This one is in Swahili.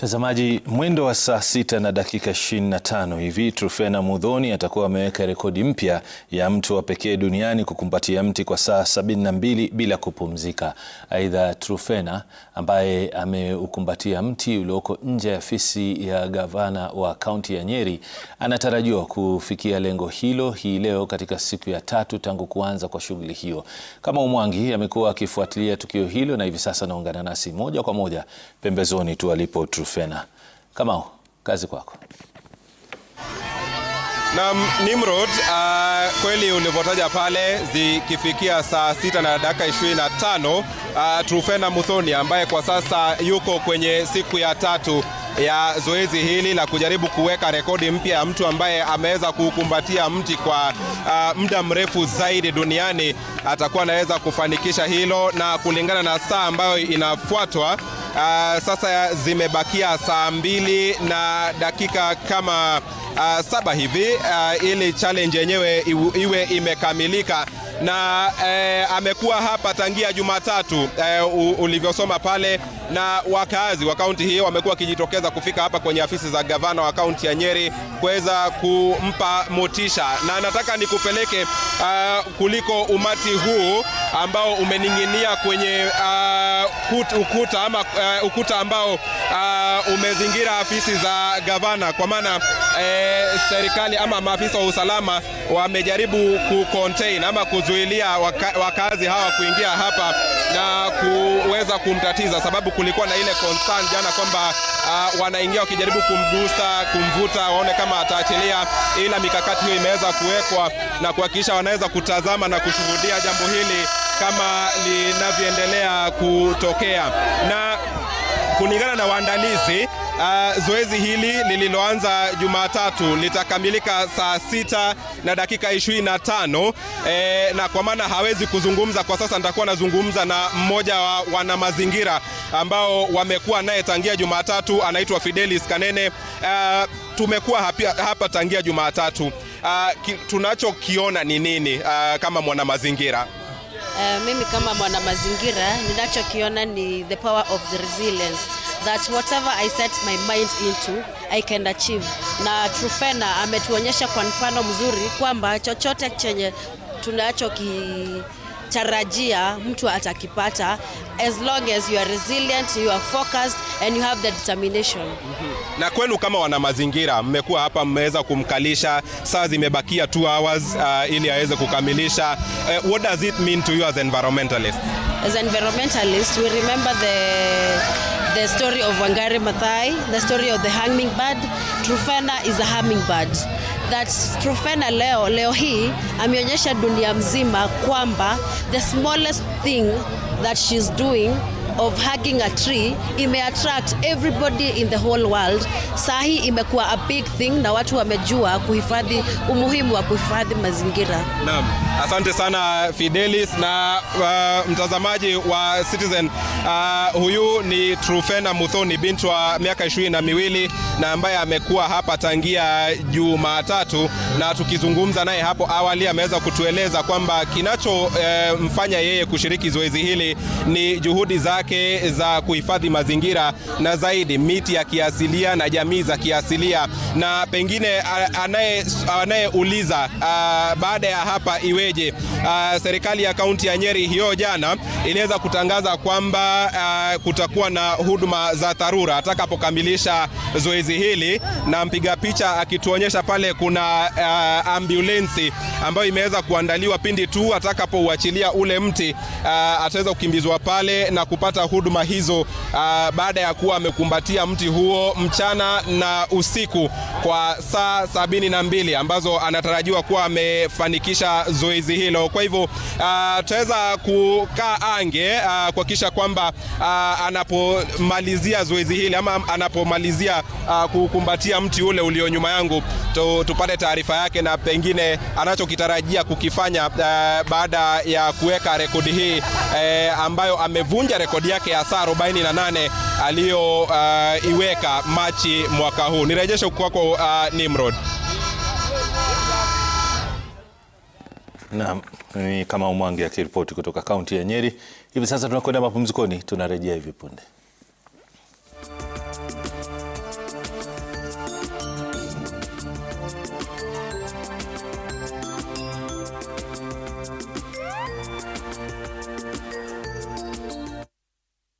Mtazamaji, mwendo wa saa sita na dakika 25 hivi Truphena Muthoni atakuwa ameweka rekodi mpya ya mtu wa pekee duniani kukumbatia mti kwa saa 72 bila kupumzika. Aidha, Truphena ambaye ameukumbatia mti ulioko nje ya afisi ya gavana wa kaunti ya Nyeri anatarajiwa kufikia lengo hilo hii leo katika siku ya tatu tangu kuanza kwa shughuli hiyo. Kama Umwangi amekuwa akifuatilia tukio hilo na hivi sasa anaungana nasi moja kwa moja pembezoni tu alipo Truphena. Fena. Kamau, kazi kwako. Na Nimrod, uh, kweli ulivyotaja pale, zikifikia saa sita na dakika ishirini na tano uh, Trufena Muthoni ambaye kwa sasa yuko kwenye siku ya tatu ya zoezi hili la kujaribu kuweka rekodi mpya ya mtu ambaye ameweza kukumbatia mti kwa uh, muda mrefu zaidi duniani, atakuwa anaweza kufanikisha hilo, na kulingana na saa ambayo inafuatwa Uh, sasa zimebakia saa mbili na dakika kama uh, saba hivi uh, ili challenge yenyewe iwe imekamilika na uh, amekuwa hapa tangia Jumatatu uh, ulivyosoma pale, na wakaazi wa kaunti hii wamekuwa wakijitokeza kufika hapa kwenye afisi za gavana wa kaunti ya Nyeri kuweza kumpa motisha, na nataka nikupeleke uh, kuliko umati huu ambao umening'inia kwenye uh, ukuta, ukuta, ama, uh, ukuta ambao uh, umezingira afisi za gavana kwa maana uh, serikali ama maafisa wa usalama wamejaribu kucontain ama kuzuilia waka, wakazi hawa kuingia hapa na kuweza kumtatiza, sababu kulikuwa na ile concern jana kwamba uh, wanaingia wakijaribu kumgusa, kumvuta, waone kama ataachilia, ila mikakati hiyo imeweza kuwekwa na kuhakikisha wanaweza kutazama na kushuhudia jambo hili kama linavyoendelea kutokea na kulingana na waandalizi uh, zoezi hili lililoanza Jumatatu litakamilika saa sita na dakika ishirini na tano eh, na kwa maana hawezi kuzungumza kwa sasa. Nitakuwa nazungumza na mmoja wa wanamazingira ambao wamekuwa naye tangia Jumatatu, anaitwa Fidelis Kanene. Uh, tumekuwa hapa tangia Jumatatu. Uh, tunachokiona ni nini uh, kama mwanamazingira? Uh, mimi kama mwana mazingira ninachokiona ni the power of the resilience that whatever I set my mind into I can achieve. Na Trufena ametuonyesha kwa mfano mzuri kwamba chochote chenye tunachoki tarajia mtu atakipata as long as you are resilient, you are focused and you have the determination. Mm -hmm. Na kwenu kama wana mazingira, mmekuwa hapa, mmeweza kumkalisha, saa zimebakia 2 hours uh, ili aweze kukamilisha. Uh, what does it mean to you as environmentalist? As environmentalist, we remember the the story of Wangari Maathai, the story of the hummingbird. Trufana is a hummingbird that Truphena leo leo hii ameonyesha dunia mzima kwamba the smallest thing that she's doing of hugging a tree imeattract everybody in the whole world. Saa hii imekuwa a big thing na watu wamejua kuhifadhi umuhimu wa kuhifadhi mazingira. Naam. Asante sana Fidelis na uh, mtazamaji wa Citizen uh, huyu ni Trufena Muthoni, bintu wa miaka ishirini na miwili na ambaye amekuwa hapa tangia Jumatatu, na tukizungumza naye hapo awali ameweza kutueleza kwamba kinachomfanya eh, uh, yeye kushiriki zoezi hili ni juhudi zake za kuhifadhi mazingira na zaidi miti ya kiasilia na jamii za kiasilia, na pengine anayeuliza uh, baada ya hapa iwe Mfereji. Uh, ah, serikali ya kaunti ya Nyeri hiyo jana iliweza kutangaza kwamba uh, kutakuwa na huduma za dharura atakapokamilisha zoezi hili, na mpiga picha akituonyesha pale kuna uh, ah, ambulensi ambayo imeweza kuandaliwa pindi tu atakapouachilia ule mti uh, ataweza kukimbizwa pale na kupata huduma hizo uh, baada ya kuwa amekumbatia mti huo mchana na usiku kwa saa sabini na mbili ambazo anatarajiwa kuwa amefanikisha zoezi zoezi hilo. Kwa hivyo ah, tutaweza kukaa ange ah, kuhakikisha kwamba ah, anapomalizia zoezi hili ama anapomalizia kukumbatia mti ule ulio nyuma yangu tu, tupate taarifa yake na pengine anachokitarajia kukifanya baada ya kuweka rekodi hii eh, ambayo amevunja rekodi yake ya saa 48 aliyoiweka Machi mwaka huu. Nirejeshe kwako Nimrod. Naam, ni eh, kama Umwangi akiripoti kutoka kaunti ya Nyeri. Hivi sasa tunakwenda mapumzikoni, tunarejea hivi punde.